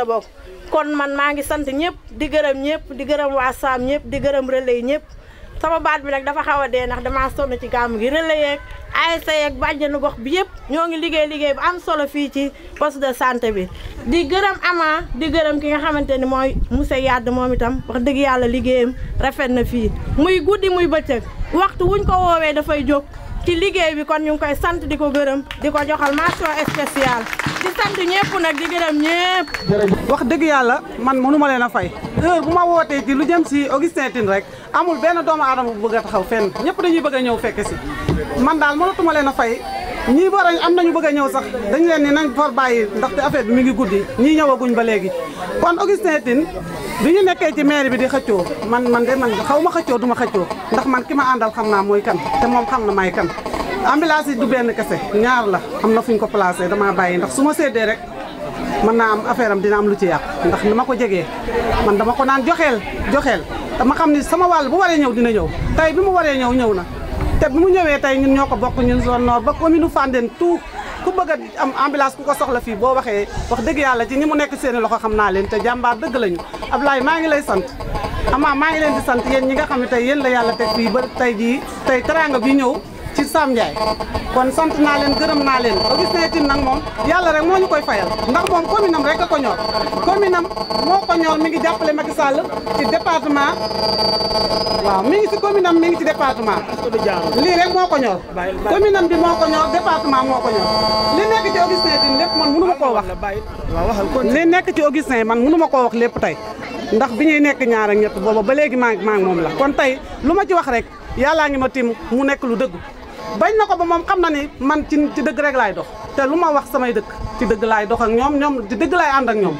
la bokk kon man maa ngi sant ñëpp di gërëm ñëpp di gërëm waa saam ñëpp di gërëm relais yi ñëpp sama baat bi nag dafa xaw a dee ndax damaa sonn ci gàmm gi relais yeeg ASC yeeg bàjjenu gox bi yëpp ñoo ngi liggéey liggéey bu am solo fii ci poste de santé bi di gërëm ama di gërëm ki nga xamante ni mooy monsieur Yadd moom itam wax dëgg yàlla liggéeyam rafet na fii muy guddi muy bëccëg waxtu wuñ ko woowee dafay jóg ci liggéey bi kon ñu ngi koy sant di ko gërëm di ko joxal mention spéciale di sant ñëpp nag di gërëm ñëpp. wax dëgg yàlla man mënuma ma leen a fay heure bu ma wootee ci lu jëm si Augustin Tine rek amul benn doomu aadama bu bëgg a taxaw fenn ñëpp dañuy bëgg a ñëw fekk si man daal mënatu ma leen a fay. ñi bo rañ am nañu bëgg ñëw sax dañ leen ni nañ for ndax té affaire bi mi ngi guddi ñii ñëwaguñ ba légui kon Augustin tin bi ñu nekkee ci maire bi di xëccu man man dé man xawma xëccu duma xëccu ndax man kima ma xamna moy kan té mom xamna may kan ambulance du benn kessé ñaar la amna fuñ ko placer dama bayyi ndax suma sédé rek man na am affaire am dina am lu ci yaq ndax nima ma ko jegee man dama ko naan joxel joxel dama xamni sama wal bu waré ñëw dina ñëw tay bi mu waré ñëw ñëw na te bi mu ñëwee tey ñun ñoo ko bokk ñun zone nord ba commune Fandène tout ku bëgg am ambulance ku ko soxla fii boo waxee wax dëgg yàlla ji ñi mu nekk seen loxo xam naa leen te jàmbaar dëgg lañu Ablaye maa ngi lay sant amaa maa ngi leen di sant yéen ñi nga xam ne tey yéen la yàlla teg fii ba tey jii tey teraanga bi ñëw Sam Ndiaye kon sant naa leen gërëm naa leen Augustin Tine nag moom yàlla rek moo ñu koy fayal ndax moom commune am rek a ko ñor commune am moo ko ñor mi ngi jàppale Macky Sall ci département waaw mi ngi si commune am mi ngi ci département lii rek moo ko ñor commune am bi moo ko ñor département moo ko ñor li nekk ci Augustin Tine lépp man mënu ma koo wax li nekk ci Augustin ma koo wax lépp tey ndax bi ñuy nekk ñaar ak ñett booba ba léegi maa ngi moom la kon tey lu ma ci wax rek yàllaa ngi ma tim mu nekk lu dëgg bañ na ko ba moom xam na ni man ci ci dëgg rek laay dox te lu ma wax samay dëkk ci dëgg laay dox ak ñoom ñoom ci dëgg laay ànd ak ñoom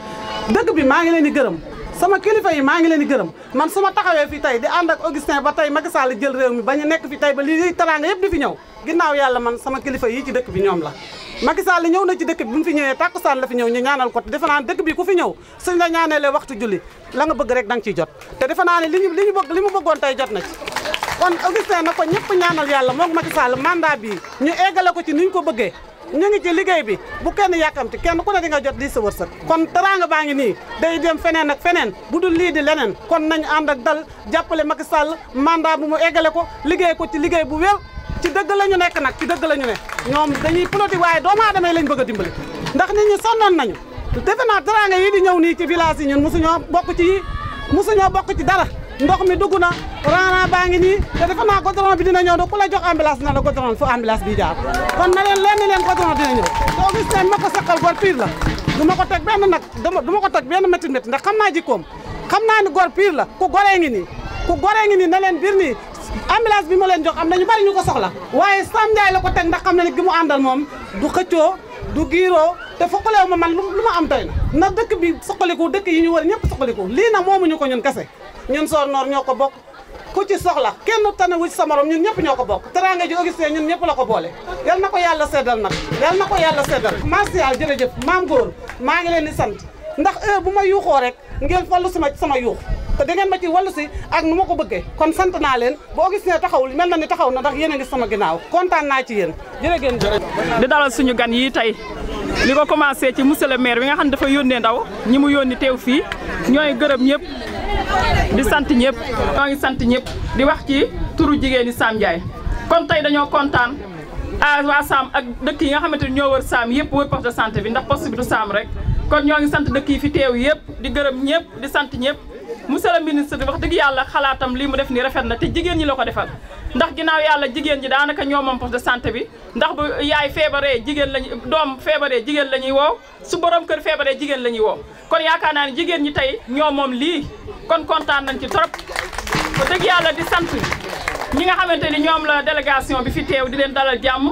dëgg bi maa ngi leen di gërëm sama kilifa yi maa ngi leen di gërëm man su ma taxawee fi tey di ànd ak Augustin ba tey Macky Sall jël réew mi ba ñu nekk fi tey ba lii teraanga yëpp di fi ñëw ginnaaw yàlla man sama kilifa yi ci dëkk bi ñoom la Macky Sall ñëw na ci dëkk fi ñëwee tàkkusaan la fi ñëw ñu ñaanal ko te defe naa dëkk bi ku fi ñëw suñ la ñaaneelee waxtu julli nga bëgg rek da nga jot te defe naa li ñu li ñu bëgg li mu bëggoon jot na kon Augustin na ko ñëpp ñaanal yàlla moom Macky Sall mandat bi ñu eggale ko ci ni ñu ko bëggee ñu ngi ci liggéey bi bu kenn yàkkamti kenn ku ne di nga jot lii sa kon teraanga baa ngi nii day dem feneen ak feneen bu dul lii di leneen kon nañ ànd ak dal jàppale Macky Sall mandaa bu mu eggale ko liggéey ko ci liggéey bu wér ci dëgg la ñu nekk nag ci dëgg la ñu ne ñoom dañuy politique waaye doomu aadama yi lañ bëgg a ndax nit ñi sonnoon nañu defe naa teraanga yi di ñëw nii ci village yi ñun mosuñoo bokk ci yi mosuñoo bokk ci dara ndox mi duguna rana baangi ni ngi nii na ko naa bi dina ñow do ku la jox ambulance na la goudron fu ambulance bi jaar kon na leen lenn leen goudron dina ñëw do gis ma mako sakal gor pir la duma ko tek ben nak duma ko tek ben metti metti ndax xamna naa jikkoom xam ni gor pir la ku gore ngi ni ku gore ngi ni na leen bir ni ambulance bi mo leen jox am na ñu bari ñu ko soxla waye Sam la ko tek ndax xamna ni gimu andal mom du xëccoo du giiroo te ma man luma am tay na dëkk bi soxaliko dëkk yi ñu wër ñëpp soxaliko li na momu ñuko ñun kasse ñun Soonor ñoo ko bokk ku ci soxla kenn tane wu ci sa morom ñun ñëpp ñoo ko bokk teraanga ji ne ñun ñëpp la ko boole yal na ko yàlla seddal nag yal na ko yàlla seddal martial jërëjëf maam góor maa ngi leen di sant ndax heure bu ma yuuxoo rek ngeen fallu si ma sama yuux te da ngeen ma ci wallu si ak nu ma ko bëggee kon sant naa leen bu Augustin taxawul mel na ni taxaw na ndax yeneen a sama ginnaaw kontaan naa ci yéen jërëgéen di dalal suñu gan yii tey li ko commencé ci monsieur le maire bi nga xam ne dafa yónnee ndaw ñi mu yónni teew fii ñooy gërëm ñëpp di sant ñëpp ñoo ngi sant ñëpp di wax ci turu jigéen ñi Sam kon tey dañoo kontaan a waa Sam ak dëkk yi nga xamante ni ñoo wër Sam yëpp wër poste de santé bi ndax poste bi du Sam rek kon ñoo ngi sant dëkk yi fi teew yëpp di gërëm ñëpp di sant ñëpp monsieur le ministre di wax dëgg yàlla xalaatam lii mu def ni rafet na te jigéen ñi la ko defal ndax ginnaaw yàlla jigéen ji daanaka ñoo moom poste de sant bi ndax bu yaay feebaree jigéen lañu doom feebaree jigéen la ñuy woo su borom kër feebaree jigéen la ñuy woo kon yaakaar naa ne jigéen ñi tey ñoo moom lii kon kontaan nañ ci trop ba yàlla di sant ñi nga xamante ni ñoom la délégation bi fi teew di leen dalal jàmm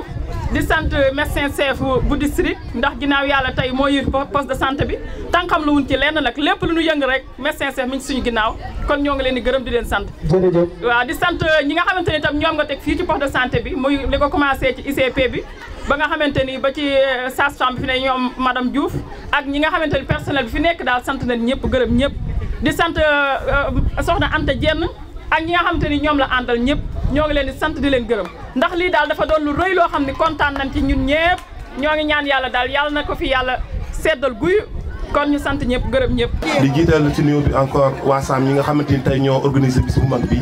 di sant médecin chef bu district ndax ginnaaw yàlla tey moo yir poste de sant bi tànkam lu wun ci lenn nag lépp lu ñu yëng rek médecin chef mi ngi suñu ginnaaw kon ñoo ngi leen di gërëm di leen sant waaw di sant ñi nga xamante ni tam ñoom nga teg fii ci poste de santé bi mooy li ko commencé ci ICP bi ba nga xamante ni ba ci euh, sage-femme bi fi ne ñoom madame Diouf ak ñi nga xamante ni personnel bi fi nekk daal sant nañ ñëpp gërëm ñëpp di sant euh, euh, soxna Anta Dieng ak ñi nga xamanteni ñom la andal ñepp ñoo ngi leen di sante di leen gëreum ndax li dal dafa doon lu reuy lo xamni ni nañ ci ñun ñepp ñoo ngi ñaan yalla dal yalla nako fi yalla sédal guuy kon ñu sante ñepp gëreum ñepp di jital ci nuyoo bi encore waasam ñi nga xamanteni tay ñoo bis bu mag bi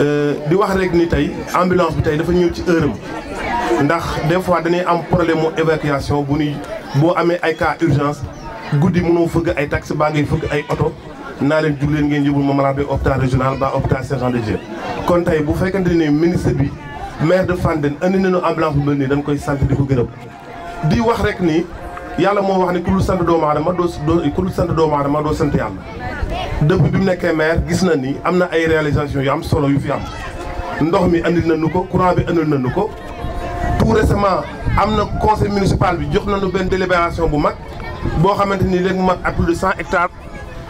euh, di wax rek ni tay ambulance bi tay dafa ñew ci heureum ndax des fois dañuy am problème évacuation bu ñu bo amé ay cas urgence goudi mënoo fëgg ay taxi baa ngay fëgg ay auto nalen leen ngeen yóbbul ma malade hôpital régional ba hôpital sergent de Dieu kon tey bu fekkante ni ministre bi maire de fandene andi nañu ambulance bu mel dañ koy sante diko ko di wax rek ni yalla mo wax ne ku dul sant doomu aadama doo doo ku dul do doomu aadama doo sant yàlla depuis bi mu nekkee maire gis na ni amna ay réalisation yu am solo yu fi am ndox mi andil nañu ko courant bi andil nañu ko tout récemment amna conseil municipal bi jox nañu ben délibération bu mag bo xamanteni ni mag mu à plus de cent hectares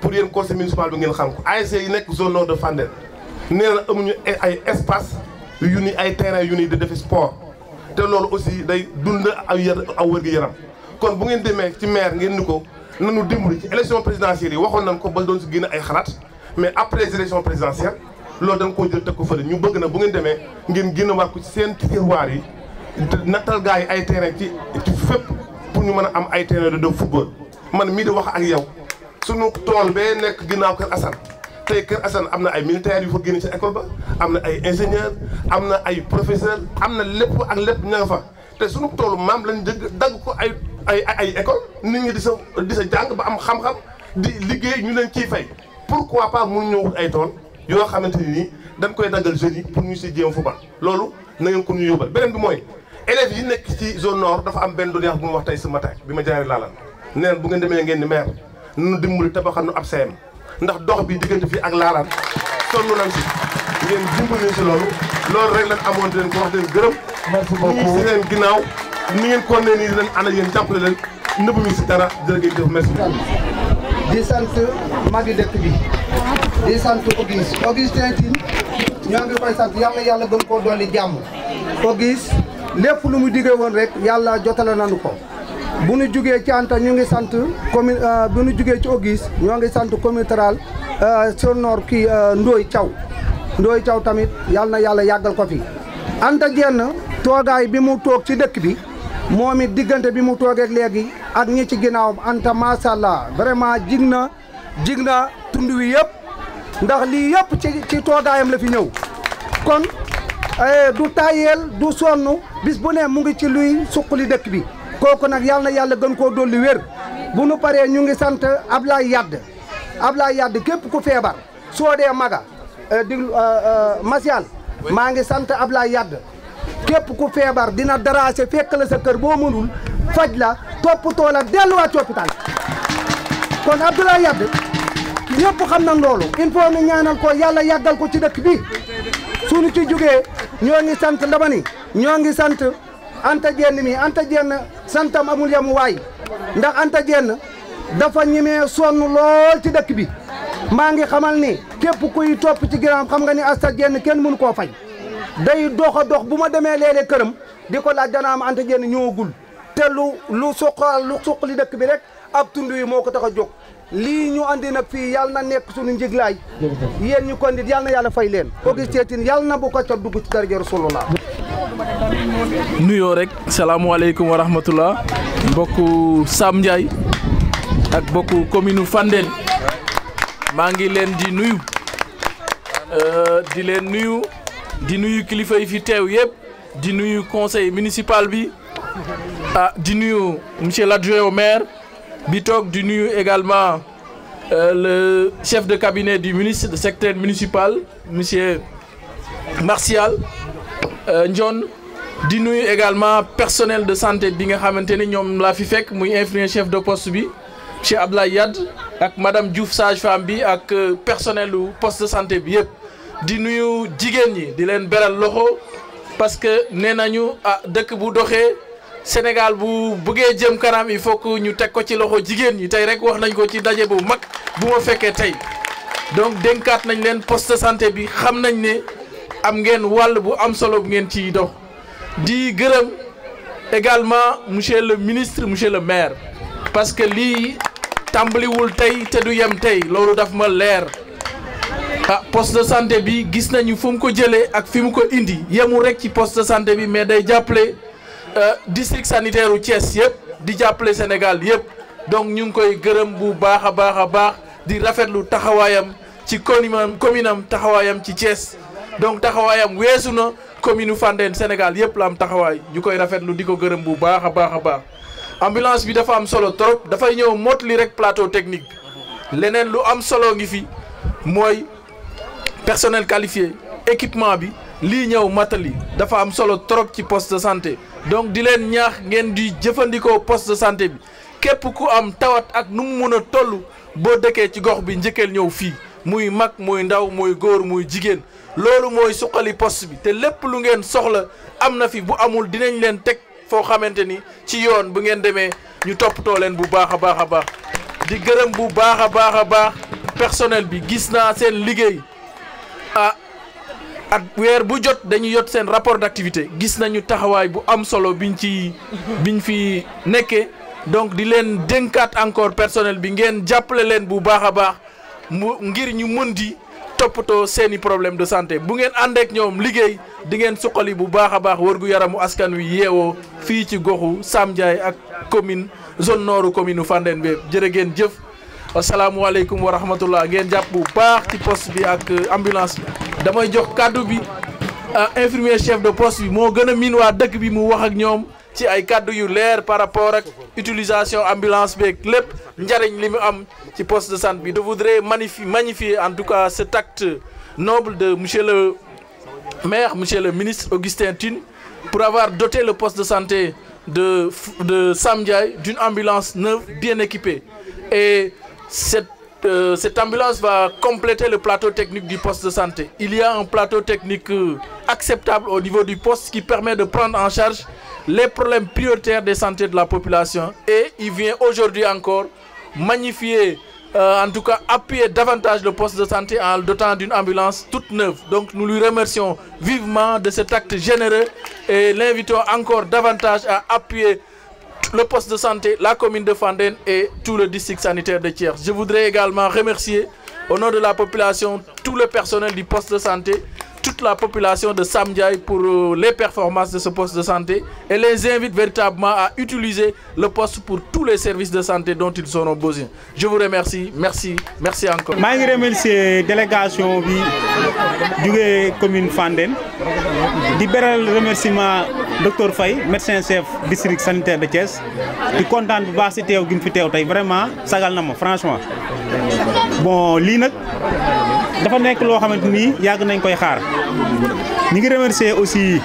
pour yéen conseil municipal bi ngeen xam ko ASC yi nekk zone nord de Fandène nee na amuñu ay espace yu ni ay terrain yu ni di defe sport te loolu aussi day dund aw yar aw wér gi yaram kon bu ngeen demee ci maire ngeen ni ko nanu dimbali ci élection présidentielle yi waxoon nañ ko ba doon si génn ay xalaat mais après élection présidentielle loolu dañ koo jël teg ko fële ñu bëgg na bu ngeen demee ngeen génn wax ci seen tiroir yi nattal gars yi ay terrain ci fépp pour ñu mën a am ay terrain de football man mii di wax ak yow sunu tool bee nekk ginnaaw kër Assane tey kër Assane am na ay militaires yu fa génne ci école ba am na ay ingénieur am na ay professeur am na lépp ak lépp ña fa te sunu toolu maam lañ dëgg dagg ko ay ay ay école nit ñi di sa di sa jàng ba am xam-xam di liggéey ñu leen ciy fay pour pourquoi pas mun ñëw ay tool yoo xamante nii dañ koy daggal jeunes pour ñu si jéem football loolu na ngeen ko ñu yóbbal beneen bi mooy élèves yi nekk ci zone nord dafa am benn doon bu mu wa tey ce matin bi ma jaaree laalan neen bu ngeen demee ngeen nu dimbali tabaxal nu ab seem ndax dox bi diggante fii ak laaraan sonn nañ si si loolu loolu rek lan amoon di leen wax di leen gërëm. ginnaaw ni ngeen ko nee nii leen ànd ak yéen leen nëbb si dara jërëjëf merci. di sant magi dëkk bi di sant ko Augustin Tine ñoo ngi koy sant yàlla yàlla gën koo dolli jàmm Auguste lépp lu mu diggee woon rek yàlla jotale nañu ko. bu nu jugee ci Anta ñu ngi sant commune euh, bu nu jugee ci Auguste ñoo ngi sant commune Théral euh, sur nord kii euh, Ndoye caw Ndoye Thiaw tamit yal na yàlla yàggal ko fi. Anta Diène toogaay bi mu toog ci dëkk bi moom it diggante bi mu toogee léegi ak ñi ci ginnaawam Anta macha allah vraiment jig na jig na tund wi yëpp ndax lii yëpp ci ci toogaayam la fi ñëw kon eh, du tayeel du sonn bis bu ne mu ngi ci luy suqali dëkk bi. kon nag yàlla na yàlla gën koo dolli wér bu nu paree ñu ngi sant Ablaye Yadd Ablaye képp ku feebar soo dee maga euh, di euh, euh, Masial maa ngi sant Ablaye Yadd képp ku feebar dina daraase fekk la sa kër boo mënul faj la toppatoo delluwaat ci hôpital kon xam na loolu il faut ñaanal ko yàlla yàggal ko ci dëkk bi suñu ci jógee ñoo ngi sant ndamani ñoo ngi sant Anta Dieng mi Anta Dieng santam amul yamu way ndax Anta jenn dafa ñemee sonu lol ci dëkk bi ma nga xamal ni képp kuy top ci gram xam nga ni asta jenn kenn mënu ko fay day doxa dox buma démé lélé kërëm diko këram dana am Anta jenn ñëwagul te lu lu suqa lu suqali dëkk bi rek ab tundu yi moko taxa jox li ñu andi nak fi yàlla na nekk suñu njiglaay yeen ñu kondit yàlla na fay leen ko gis ceetin yàlla na bu ko ci dug ci darje rasulullah nuyo rek alaykum wa rahmatullah Sam ak mbokku commune di euh, di fi conseil municipal bi ah di monsieur l'adjoint au maire bi également euh, le chef de cabinet du ministre secteur municipal monsieur Martial John, euh, di également également personnel de santé bi nga le chef de poste bi Cheikh Yad madame Diouf sage-femme bi euh, personnel du poste de santé bi yépp di nuyu jigen ñi parce que nenañu ah, Sénégal bu jëm il faut que rek wax nañ ko donc poste de santé bi xam nañ am ngeen wàll bu am solo bu ngeen ciy dox di gërëm également monsieur le ministre monsieur le maire parce que lii tàmbaliwul tey te du yem tey loolu daf ma leer ah poste de santé bi gis nañu fu mu ko jëlee ak fi mu ko indi yemul rek ci poste de santé bi mais day jàppale euh, district sanitaire u Thiès yëpp di jàppale Sénégal yëpp donc ñu ngi koy gërëm bu baax a baax a baax di rafetlu taxawaayam ci commune am taxawaayam ci Thiès donc taxawayam weesu na commune Sénégal yépp la am taxawaay ñu koy rafetlu di ko gërëm bu baaxa baaxa baax ambulance bi dafa am solo trop dafay ñew motli rek plateau technique lenen leneen lu am solo ngi fi moy personnel qualifié équipement bi li ñew matali dafa am solo trop ci poste de santé donc di leen ñaax ngeen di jëfandikoo poste de santé bi képp ku am tawat ak nu mu mun a toll boo dëkkee ci gox bi njëkkeel ñëw fii muy mag muy ndaw muy góor muy jigéen loolu mooy suqali post bi te lépp lu ngeen soxla am na fi bu amul dinañ leen teg foo xamante ni ci yoon bu ngeen demee ñu toppatoo leen bu baax a baax a baax di gërëm bu baax a baax a baax personnel bi gis naa seen liggéey ah at weer bu jot dañuy yot seen rapport activité gis nañu taxawaay bu am solo biñ ci biñ fi nekkee donc di leen dénkaat encore personnel bi ngeen jàppale leen bu baax a baax ngir ñu mën di toppatoo seeni problème de santé bu ngeen ànd ak ñoom liggéey di ngeen suqali bu baax a baax wërgu yaramu askan wi yeewoo fii ci goxu Sam ak commune zone nord commune fanden be jërë ngeen jëf asalaamualeykum wa rahmatullah ngeen jàpp bu baax ci poste bi ak euh, ambulance damay jox kàddu bi euh, infirmier chef de poste bi moo gën a miin waa dëkk bi mu wax ak ñoom ci ay par rapport à utilisation ambulance avec poste de santé je voudrais magnifier en tout cas cet acte noble de monsieur le maire monsieur le ministre Augustin Thune, pour avoir doté le poste de santé de de d'une ambulance neuve bien équipée et cette euh, cette ambulance va compléter le plateau technique du poste de santé. Il y a un plateau technique euh, acceptable au niveau du poste qui permet de prendre en charge les problèmes prioritaires de santé de la population et il vient aujourd'hui encore magnifier, euh, en tout cas appuyer davantage le poste de santé en dotant d'une ambulance toute neuve. Donc nous lui remercions vivement de cet acte généreux et l'invitons encore davantage à appuyer le poste de santé, la commune de Fanden et tout le district sanitaire de Thiers. Je voudrais également remercier au nom de la population tout le personnel du poste de santé toute la population de Samdiaï pour euh, les performances de ce poste de santé et les invite véritablement à utiliser le poste pour tous les services de santé dont ils auront besoin. Je vous remercie, merci, merci encore. Je remercie la délégation de la commune Fanden. Je remercie docteur Fay, médecin chef district sanitaire de Thiès di suis content de voir teew gi vraiment sagal na franchement bon lii dafa nekk loo xamante ni yàgg nañ koy xaar ñi ngi remercier aussi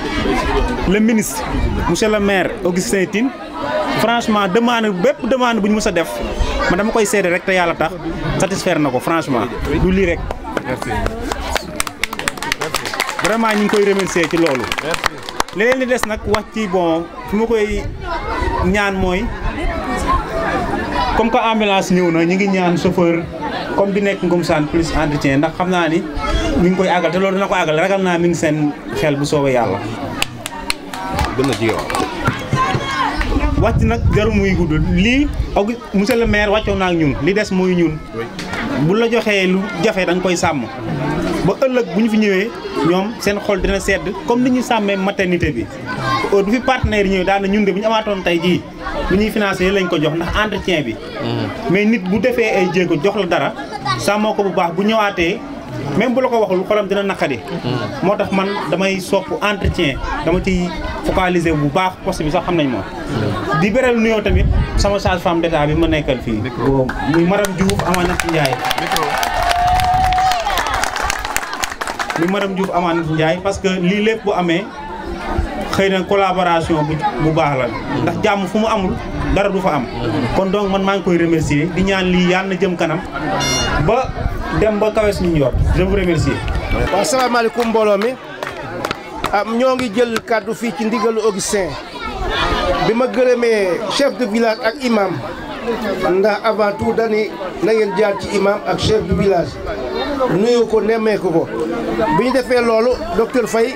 le ministre monsieur le maire Augustin Tine franchement demande bépp demande bu ñu mës a def man dama koy seede rek te yàlla tax satisfaire na ko franchement du lii rek. vraiment ñu ngi koy remercier ci loolu. leneen li des nag wax ci bon fi ma koy ñaan mooy comme que ambulance ñëw na ñu ngi ñaan chauffeur. comme bi nekk Ngom Sane plus entretien ndax xam naa ni ñu ngi koy àggal te loolu dina ko àggal ragal naa mu ngi seen xel bu soobee yàlla. gën a jigéen nag jarul muy gudd lii ak monsieur le maire wàccoon naa ak ñun li des mooy ñun. bu la joxee lu jafe da koy sàmm. ba ëllëg bu ñu fi ñëwee ñoom seen xol dina sedd comme ni ñu sàmmee maternité bi. heure bu fi partenaire ñëw daal na ñun de bu ñu amaatoon tey jii lu ñuy financé lañ ko jox ndax entretien bi. Mm-hmm. mais nit bu defee ay jéego jox la dara samoo ko bu baax bu ñëwaatee. même bu la ko waxul xolam dina naqari. Mm-hmm. moo tax man damay sopp entretien dama ciy focaliser bu baax poste bi sax xam nañ ma mm-hmm. di beral nuyoo tamit sama sage-femme d'état bi ma nekkal fii. muy madame Diouf Amanat Ndiaye. muy madame Diouf Amanat Ndiaye parce que lii lépp bu amee. xëy na collaboration bu bu baax la ndax jàmm fu mu amul dara du fa am kon donc man maa ngi koy remercier di ñaan lii yàlla na jëm kanam ba dem ba kawe suñu yor je vous remercie. waaw salaamaaleykum mbooloo mi am ñoo ngi jël kàddu fii ci ndigalu Augustin bi ma gërëmee chef de village ak imam ndax avant tout dañuy na jaar ci imam ak chef de village nuyu ko nemmeeku ko bi ñu defee loolu docteur Faye.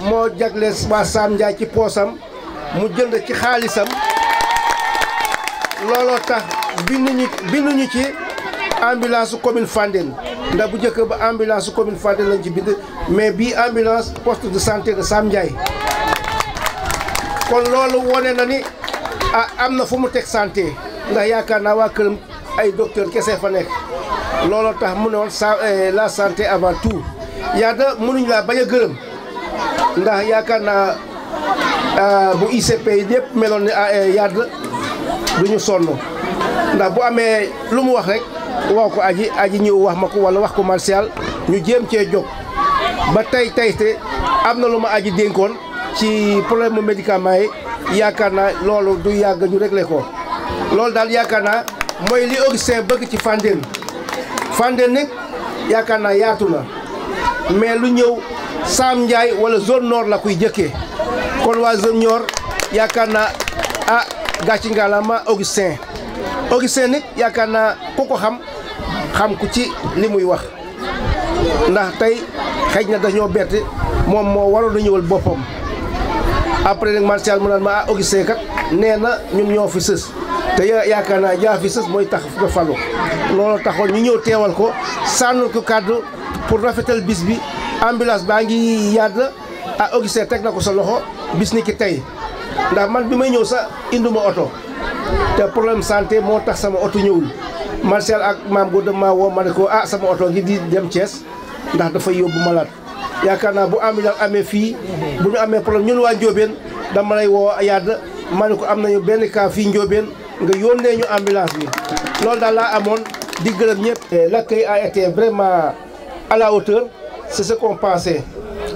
moo jagle waa Sam Ndiaye ci poosam mu jënd ci xaalisam looloo tax binduñu binduñu ci ambulance commune Fandène ndax bu njëkk ba ambulance commune Fandène lañ ci bind mais bii ambulance post de santé de Sam Ndiaye kon loolu wone na ni ah am na fu mu teg santé ndax yaakaar naa waa këram ay docteur kese fa nekk looloo tax mu ne woon eh, la santé avant tout yaa da mënuñ laa bañ a gërëm ndax yaakaar naa euh, bu ICP yëpp meloon ne ah, eh, yàdd du ñu sonn ndax bu amee lu mu wax rek waaw ko aji aji ñëw wax ma ko wala wax ko commercial ñu jéem cee jóg ba tey tey te am na lu ma aji dénkoon ci problème mu médicament yi yaakaar naa loolu du yàgg ñu réglé ko loolu daal yaakaar naa mooy li Augustin bëgg ci Fandène Fandène nag yaakaar naa yaatu na mais lu ñëw Sam Ndiaye wala zone nord la koy jëkkee kon waa zone yaakaar naa a ah, gàcci ngaalama Augustin Augustin nit yaakaar naa ku ko xam xam ku ci li muy wax ndax tey xëj na dañoo bett moom moo waroon a ñëwal boppam après nag martial mu naan ma ah Augustin kat nee na ñun ñoo fi sës te yaakaar naa jaa sës mooy tax nga falu loolu taxoon ñu ñëw teewal ko sànnul ko kàddu pour rafetal bis bi ambulance ba ngi yad la a ah, Augustin tek nako sa loxo bis ni ki tay ndax man bima ñew sa induma auto te problème santé mo tax sama auto ñewul Martial ak mam Goda ma wo man ko ah sama auto ngi di dem Thiès ndax dafa yobbu malade yakarna bu ambulance amé fi bu ñu amé problème ñun wa Ndiobène dama lay wo yad man ko amna ñu ben cas fi nga ñu ambulance bi loolu da la amone digël ak ñepp L'accueil a été vraiment à la hauteur, c'est ce qu'on pensait.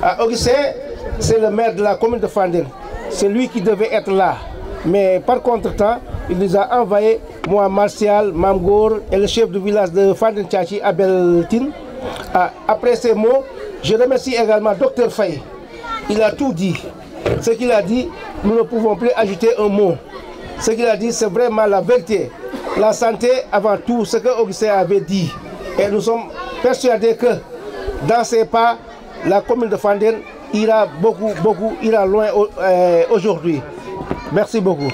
À ah, Augustin, c'est le maire de la commune de Fandine. C'est lui qui devait être là. Mais par contre-temps, il nous a envoyé, moi, Martial, Mamgour et le chef du village de Fanden Tchachi, Abel Tin. Ah, après ces mots, je remercie également Docteur Fay. Il a tout dit. Ce qu'il a dit, nous ne pouvons plus ajouter un mot. Ce qu'il a dit, c'est vraiment la vérité. La santé avant tout, ce que Augustin avait dit. Et nous sommes persuadé que dans ces pas, la commune de Fandel ira beaucoup, beaucoup, ira loin euh, aujourd'hui. Merci beaucoup.